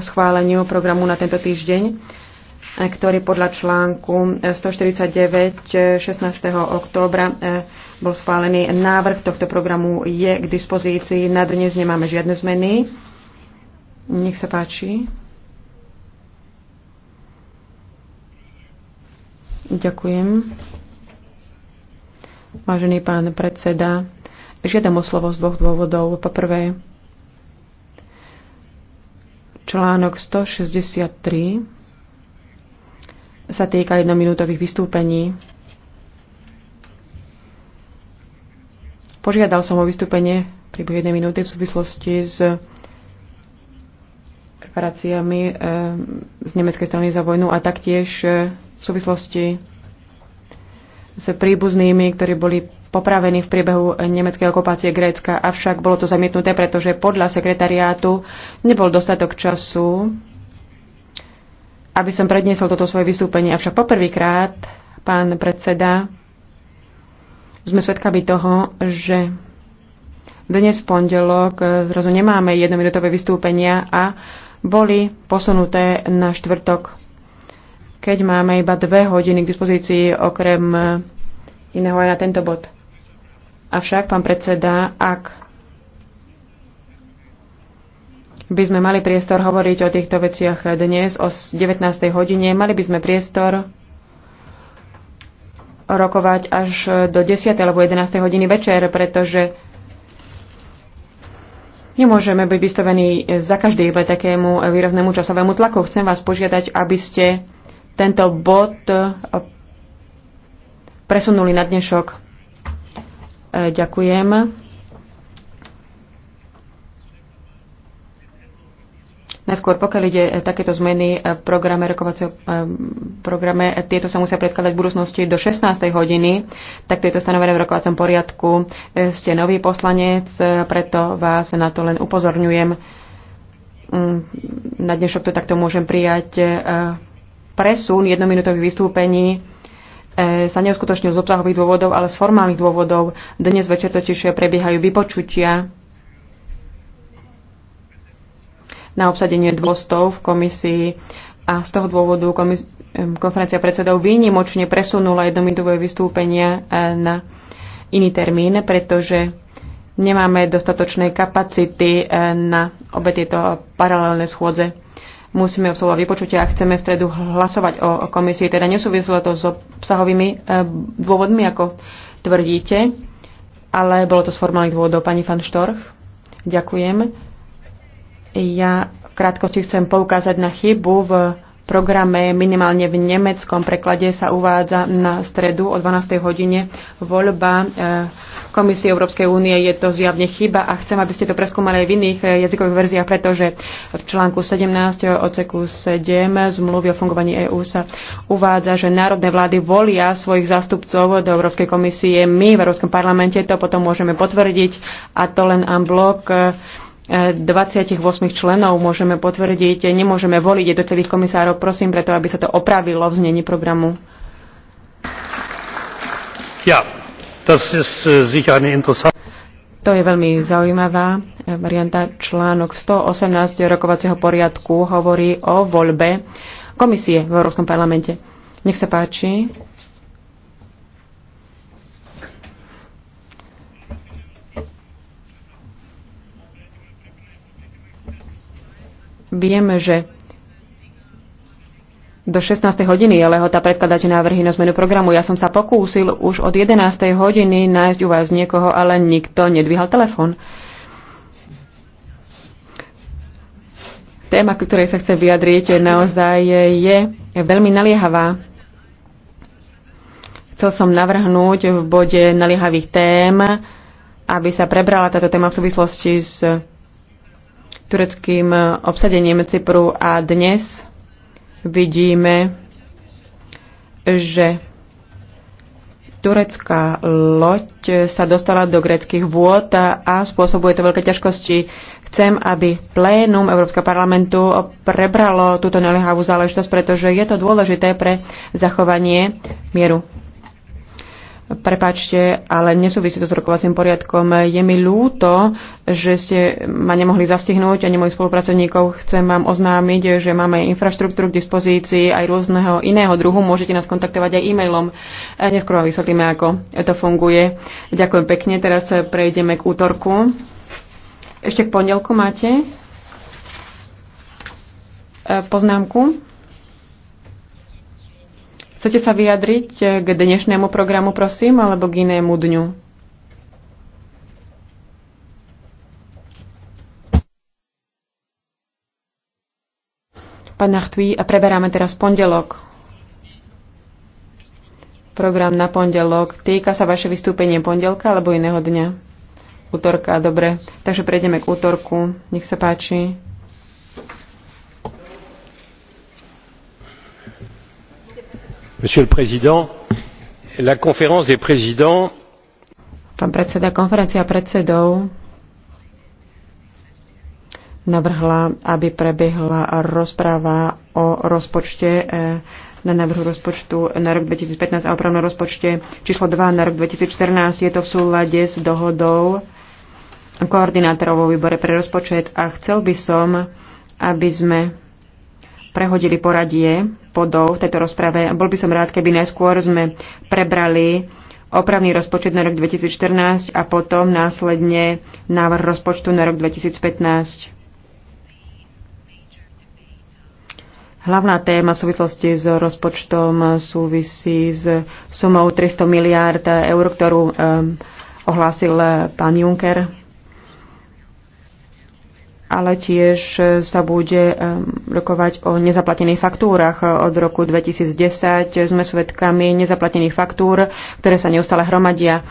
schváleniu programu na tento týždeň, eh, ktorý podľa článku 149 eh, 16. Eh, októbra bol schválený. Návrh tohto programu je k dispozícii. Na dnes nemáme žiadne zmeny. Nech sa páči. Ďakujem. Vážený pán predseda, žiadam o slovo z dvoch dôvodov. Po prvé, Článok 163 sa týka jednominútových vystúpení. Požiadal som o vystúpenie približne jednej minúty v súvislosti s reparáciami eh, z nemeckej strany za vojnu a taktiež eh, v súvislosti s príbuznými, ktorí boli popravený v priebehu nemeckej okupácie Grécka, avšak bolo to zamietnuté, pretože podľa sekretariátu nebol dostatok času, aby som predniesol toto svoje vystúpenie. Avšak poprvýkrát, pán predseda, sme svedkami toho, že dnes v pondelok zrazu nemáme jednominútové vystúpenia a boli posunuté na štvrtok, keď máme iba dve hodiny k dispozícii okrem iného aj na tento bod. Avšak, pán predseda, ak by sme mali priestor hovoriť o týchto veciach dnes o 19. hodine, mali by sme priestor rokovať až do 10. alebo 11. hodiny večer, pretože nemôžeme byť vystavení za každý iba takému výraznému časovému tlaku. Chcem vás požiadať, aby ste tento bod presunuli na dnešok. E, ďakujem. Najskôr, pokiaľ ide e, takéto zmeny e, v programe rokovacieho programe, tieto sa musia predkladať v budúcnosti do 16. hodiny, tak tieto stanovené v rokovacom poriadku. Ste nový poslanec, preto vás na to len upozorňujem. Mm, na dnešok to takto môžem prijať presun jednominútových vystúpení E, sa neuskutočňujú z obsahových dôvodov, ale z formálnych dôvodov. Dnes večer totiž prebiehajú vypočutia na obsadenie dôstov v komisii a z toho dôvodu komis- konferencia predsedov výnimočne presunula jednominútové vystúpenia e, na iný termín, pretože nemáme dostatočné kapacity e, na obe tieto paralelné schôdze musíme absolvovať vypočutia a chceme v stredu hlasovať o komisii. Teda nesúvislo to s obsahovými e, dôvodmi, ako tvrdíte, ale bolo to z formálnych dôvodov. Pani Van Štorch, ďakujem. Ja v krátkosti chcem poukázať na chybu v programe minimálne v nemeckom preklade sa uvádza na stredu o 12. hodine voľba e, Komisii Európskej únie je to zjavne chyba a chcem, aby ste to preskúmali aj v iných eh, jazykových verziách, pretože v článku 17 eh, odseku 7 zmluvy o fungovaní EÚ sa uvádza, že národné vlády volia svojich zástupcov do Európskej komisie. My v Európskom parlamente to potom môžeme potvrdiť a to len en blok 28 eh, členov môžeme potvrdiť. Nemôžeme voliť jednotlivých komisárov. Prosím preto, aby sa to opravilo v znení programu. Ja, Äh, to je veľmi zaujímavá varianta. Článok 118 rokovacieho poriadku hovorí o voľbe komisie v Európskom parlamente. Nech sa páči. Vieme, že do 16. hodiny je lehota predkladáte návrhy na zmenu programu. Ja som sa pokúsil už od 11. hodiny nájsť u vás niekoho, ale nikto nedvíhal telefon. Téma, k ktorej sa chcem vyjadriť, naozaj je, je veľmi naliehavá. Chcel som navrhnúť v bode naliehavých tém, aby sa prebrala táto téma v súvislosti s tureckým obsadením Cypru a dnes vidíme, že turecká loď sa dostala do greckých vôd a spôsobuje to veľké ťažkosti. Chcem, aby plénum Európskeho parlamentu prebralo túto nelehavú záležitosť, pretože je to dôležité pre zachovanie mieru. Prepačte, ale nesúvisí to s rokovacím poriadkom. Je mi ľúto, že ste ma nemohli zastihnúť ani mojich spolupracovníkov. Chcem vám oznámiť, že máme infraštruktúru k dispozícii aj rôzneho iného druhu. Môžete nás kontaktovať aj e-mailom. Neskôr vám vysvetlíme, ako to funguje. Ďakujem pekne. Teraz prejdeme k útorku. Ešte k pondelku máte e, poznámku. Chcete sa vyjadriť eh, k dnešnému programu, prosím, alebo k inému dňu? Pán Nachtví, a preberáme teraz pondelok. Program na pondelok. Týka sa vaše vystúpenie pondelka alebo iného dňa? Útorka, dobre. Takže prejdeme k útorku. Nech sa páči. Monsieur le Président, la conférence des présidents Pán predseda, konferencia predsedov navrhla, aby prebehla rozpráva o rozpočte eh, na návrhu rozpočtu na rok 2015 a opravnom rozpočte číslo 2 na rok 2014. Je to v súlade s dohodou koordinátorov vo výbore pre rozpočet a chcel by som, aby sme prehodili poradie podov v tejto rozprave. Bol by som rád, keby najskôr sme prebrali opravný rozpočet na rok 2014 a potom následne návrh rozpočtu na rok 2015. Hlavná téma v súvislosti s rozpočtom súvisí s sumou 300 miliárd eur, ktorú um, ohlásil pán Juncker ale tiež e, sa bude e, rokovať o nezaplatených faktúrach. E, od roku 2010 sme svedkami nezaplatených faktúr, ktoré sa neustále hromadia.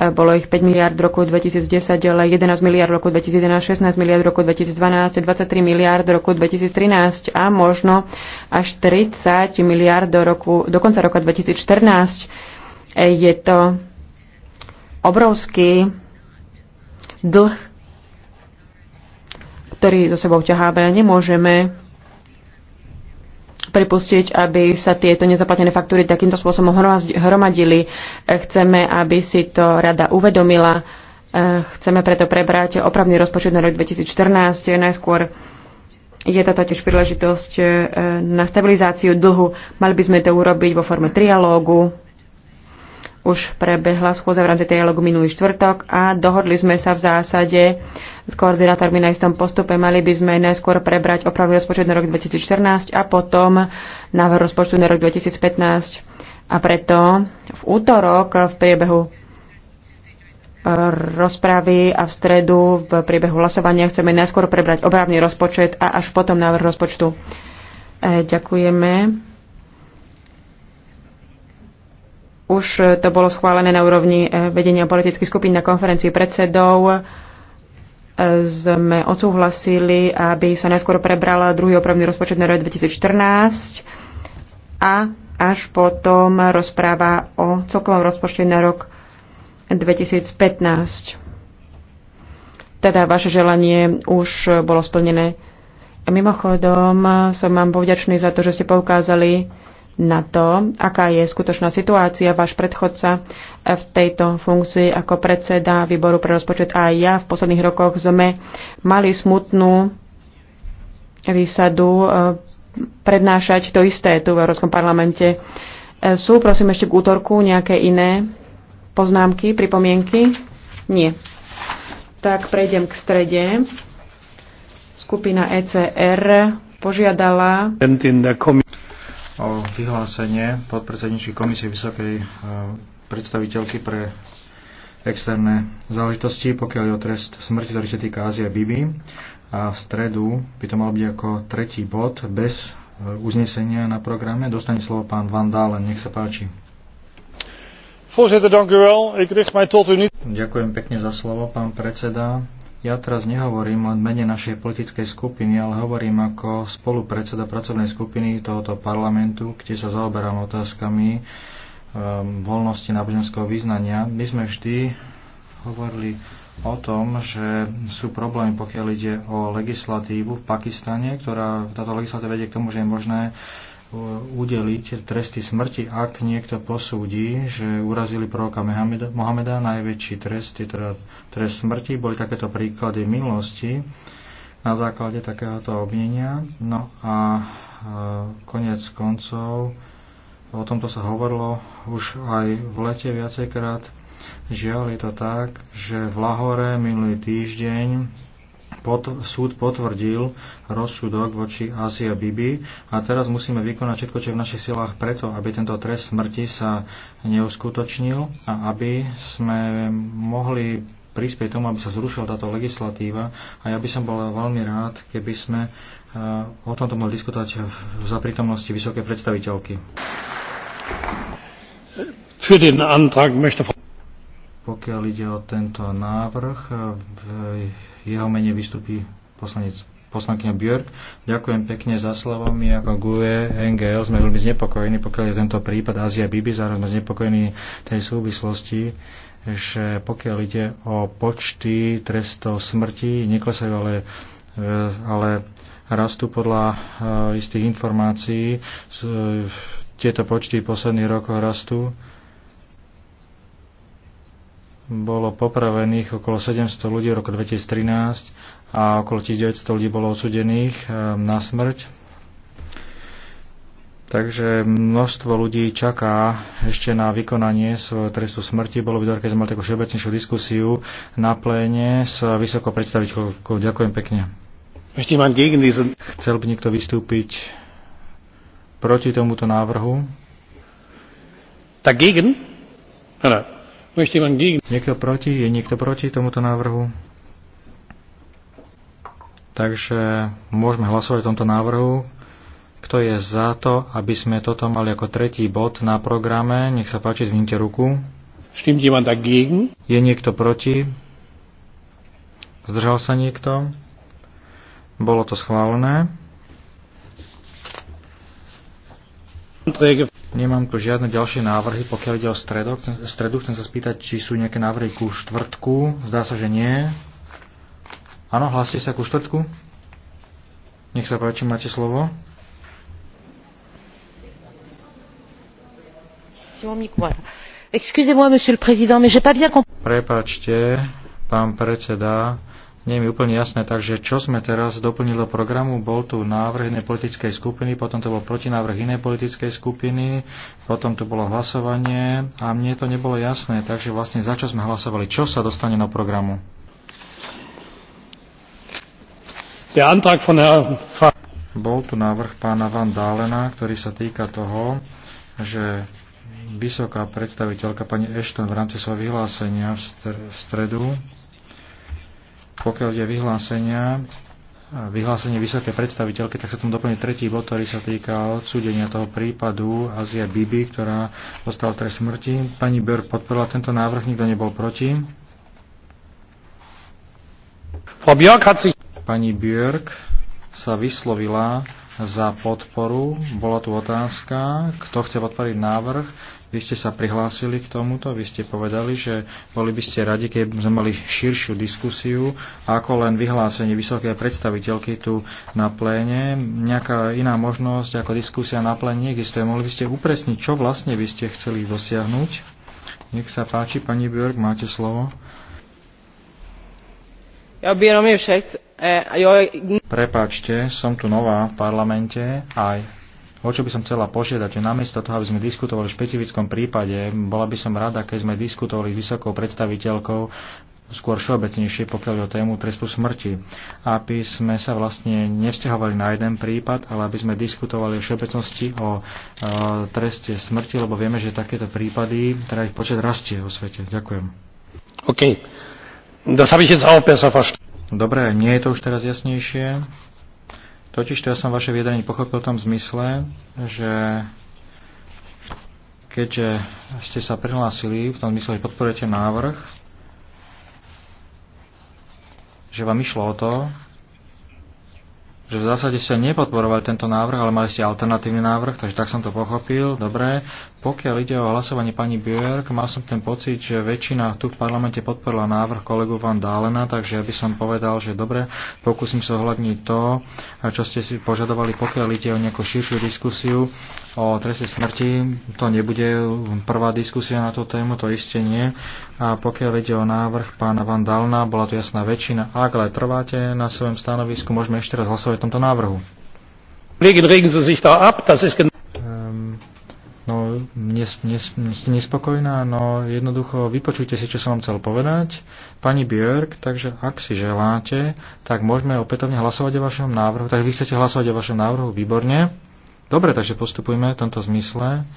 Bolo ich 5 miliard v roku 2010, ale 11 miliard v roku 2011, 16 miliard v roku 2012, 23 miliard v roku 2013 a možno až 30 miliard do, roku, do konca roka 2014. Je to obrovský dlh ktorý so sebou ťahá veľa. Nemôžeme pripustiť, aby sa tieto nezaplatené faktúry takýmto spôsobom hromadili. Chceme, aby si to rada uvedomila. E, chceme preto prebrať opravný rozpočet na rok 2014. Najskôr je to totiž príležitosť e, na stabilizáciu dlhu. Mali by sme to urobiť vo forme trialógu už prebehla schôdza v rámci dialogu minulý štvrtok a dohodli sme sa v zásade s koordinátormi na istom postupe. Mali by sme najskôr prebrať opravný rozpočet na rok 2014 a potom návrh rozpočtu na rok 2015. A preto v útorok v priebehu e, rozpravy a v stredu v priebehu hlasovania chceme najskôr prebrať opravný rozpočet a až potom návrh rozpočtu. E, ďakujeme. Už e, to bolo schválené na úrovni e, vedenia politických skupín na konferencii predsedov. E, sme odsúhlasili, aby sa najskôr prebral druhý opravný rozpočet na rok 2014 a až potom rozpráva o celkovom rozpočte na rok 2015. Teda vaše želanie už bolo splnené. Mimochodom, som vám povďačný za to, že ste poukázali na to, aká je skutočná situácia. Váš predchodca v tejto funkcii ako predseda výboru pre rozpočet a aj ja v posledných rokoch sme mali smutnú výsadu e, prednášať to isté tu v Európskom parlamente. E, sú, prosím, ešte k útorku nejaké iné poznámky, pripomienky? Nie. Tak prejdem k strede. Skupina ECR požiadala o vyhlásenie podpredsedničky komisie Vysokej e, predstaviteľky pre externé záležitosti, pokiaľ je o trest smrti, ktorý sa týka Ázie Bibi. A v stredu by to mal byť ako tretí bod bez e, uznesenia na programe. Dostane slovo pán Van Dalen, nech sa páči. Voorzitter, dank u wel. Ik richt mij tot u niet. Ďakujem pekne za slovo, pán predseda. Ja teraz nehovorím len mene našej politickej skupiny, ale hovorím ako spolupredseda pracovnej skupiny tohoto parlamentu, kde sa zaoberám otázkami um, voľnosti náboženského vyznania. My sme vždy hovorili o tom, že sú problémy, pokiaľ ide o legislatívu v Pakistane, ktorá táto legislatíva vedie k tomu, že je možné udeliť tresty smrti, ak niekto posúdi, že urazili proroka Mohameda. Najväčší trest je teda trest smrti. Boli takéto príklady minulosti na základe takéhoto obnenia. No a e, konec koncov o tomto sa hovorilo už aj v lete viacejkrát. Žiaľ je to tak, že v Lahore minulý týždeň pot, súd potvrdil rozsudok voči ASia Bibi a teraz musíme vykonať všetko, čo je v našich silách preto, aby tento trest smrti sa neuskutočnil a aby sme mohli prispieť tomu, aby sa zrušila táto legislatíva a ja by som bol veľmi rád, keby sme e, o tomto mohli diskutovať za prítomnosti vysokej predstaviteľky. Für den Antrag möchte pokiaľ ide o tento návrh, v jeho mene vystupí poslanec poslankyňa Björk. Ďakujem pekne za slovo. My ako GUE, NGL sme veľmi znepokojení, pokiaľ je tento prípad Ázia Bibi, zároveň sme znepokojení tej súvislosti, že pokiaľ ide o počty trestov smrti, neklesajú, ale, e, ale rastú podľa e, istých informácií. E, tieto počty posledných rokov rastú bolo popravených okolo 700 ľudí v roku 2013 a okolo 1900 ľudí bolo odsudených eh, na smrť. Takže množstvo ľudí čaká ešte na vykonanie svojho trestu smrti. Bolo by to, keď sme mali takú všeobecnejšiu diskusiu na pléne s vysokou predstaviteľkou. Ďakujem pekne. Chcel by niekto vystúpiť proti tomuto návrhu? Dagegen? Ano. Niekto proti? Je niekto proti tomuto návrhu? Takže môžeme hlasovať o tomto návrhu. Kto je za to, aby sme toto mali ako tretí bod na programe? Nech sa páči, zvinite ruku. Je niekto proti? Zdržal sa niekto? Bolo to schválené. Nemám tu žiadne ďalšie návrhy, pokiaľ ide o stredu. Chcem, stredu chcem sa spýtať, či sú nejaké návrhy ku štvrtku. Zdá sa, že nie. Áno, hláste sa ku štvrtku. Nech sa páči, máte slovo. Prepačte, pán predseda, nie je mi úplne jasné, takže čo sme teraz doplnili do programu, bol tu návrh inej politickej skupiny, potom to bol protinávrh inej politickej skupiny, potom tu bolo hlasovanie a mne to nebolo jasné, takže vlastne za čo sme hlasovali, čo sa dostane do programu. Bol tu návrh pána Van Dálena, ktorý sa týka toho, že vysoká predstaviteľka pani Ashton v rámci svojho vyhlásenia v stredu pokiaľ ide vyhlásenia, vyhlásenie vysokej predstaviteľky, tak sa tomu doplní tretí bod, ktorý sa týka odsúdenia toho prípadu Azia Bibi, ktorá dostala trest smrti. Pani Bör podporila tento návrh, nikto nebol proti. Pani Björk sa vyslovila za podporu. Bola tu otázka, kto chce podporiť návrh. Vy ste sa prihlásili k tomuto, vy ste povedali, že boli by ste radi, keby sme mali širšiu diskusiu, ako len vyhlásenie vysokej predstaviteľky tu na pléne. Nejaká iná možnosť ako diskusia na pléne neexistuje. Mohli by ste upresniť, čo vlastne by ste chceli dosiahnuť? Nech sa páči, pani Björk, máte slovo. Ja eh, Prepáčte, som tu nová v parlamente aj O čo by som chcela požiadať, že namiesto toho, aby sme diskutovali v špecifickom prípade, bola by som rada, keď sme diskutovali s vysokou predstaviteľkou skôr všeobecnejšie, pokiaľ o tému trestu smrti. Aby sme sa vlastne nevzťahovali na jeden prípad, ale aby sme diskutovali o všeobecnosti o e, treste smrti, lebo vieme, že takéto prípady, teda ich počet rastie vo svete. Ďakujem. OK. Dobre, nie je to už teraz jasnejšie. Totiž to ja som vaše vyjadrenie pochopil v tom zmysle, že keďže ste sa prihlásili v tom zmysle, že podporujete návrh, že vám išlo o to, že v zásade ste nepodporovali tento návrh, ale mali ste alternatívny návrh, takže tak som to pochopil. Dobre, pokiaľ ide o hlasovanie pani Björk, mal som ten pocit, že väčšina tu v parlamente podporila návrh kolegu Van Dálena, takže ja by som povedal, že dobre, pokúsim sa ohľadniť to, čo ste si požadovali, pokiaľ ide o nejakú širšiu diskusiu o treste smrti. To nebude prvá diskusia na tú tému, to isté nie. A pokiaľ ide o návrh pána Van Dálena, bola tu jasná väčšina. Ak ale trváte na svojom stanovisku, môžeme ešte raz hlasovať tomto návrhu. Ehm, no, nes, nes, ste nespokojná, no jednoducho vypočujte si, čo som vám chcel povedať. Pani Björk, takže ak si želáte, tak môžeme opätovne hlasovať o vašom návrhu. Takže vy chcete hlasovať o vašom návrhu, výborne. Dobre, takže postupujme v tomto zmysle.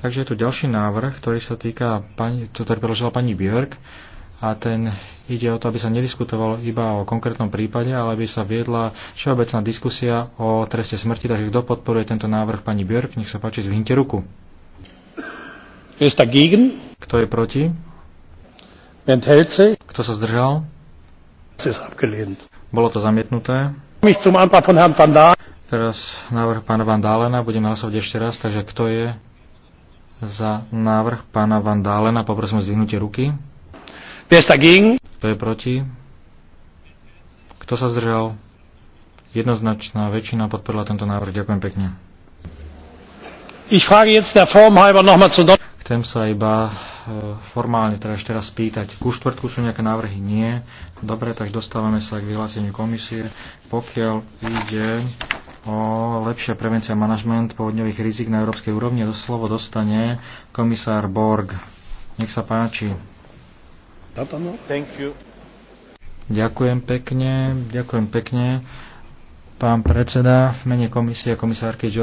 Takže je tu ďalší návrh, ktorý sa týka, pani, ktorý predložila pani Björk a ten ide o to, aby sa nediskutovalo iba o konkrétnom prípade, ale aby sa viedla všeobecná diskusia o treste smrti. Takže kto podporuje tento návrh pani Björk, nech sa páči, zvinte ruku. Kto je proti? Kto sa zdržal? Bolo to zamietnuté. Teraz návrh pána Van Dálena. Budeme hlasovať ešte raz. Takže kto je za návrh pána Van Dálena? Poprosím o zvinutie ruky. Kto je proti? Kto sa zdržal? Jednoznačná väčšina podporila tento návrh. Ďakujem pekne. Chcem sa iba e, formálne teda ešte raz spýtať. Ku štvrtku sú nejaké návrhy? Nie. Dobre, tak dostávame sa k vyhláseniu komisie. Pokiaľ ide o lepšia prevencia manažment povodňových rizik na európskej úrovni, do slovo dostane komisár Borg. Nech sa páči. Ďakujem pekne, ďakujem pekne. Pán predseda, v mene komisie komisárky George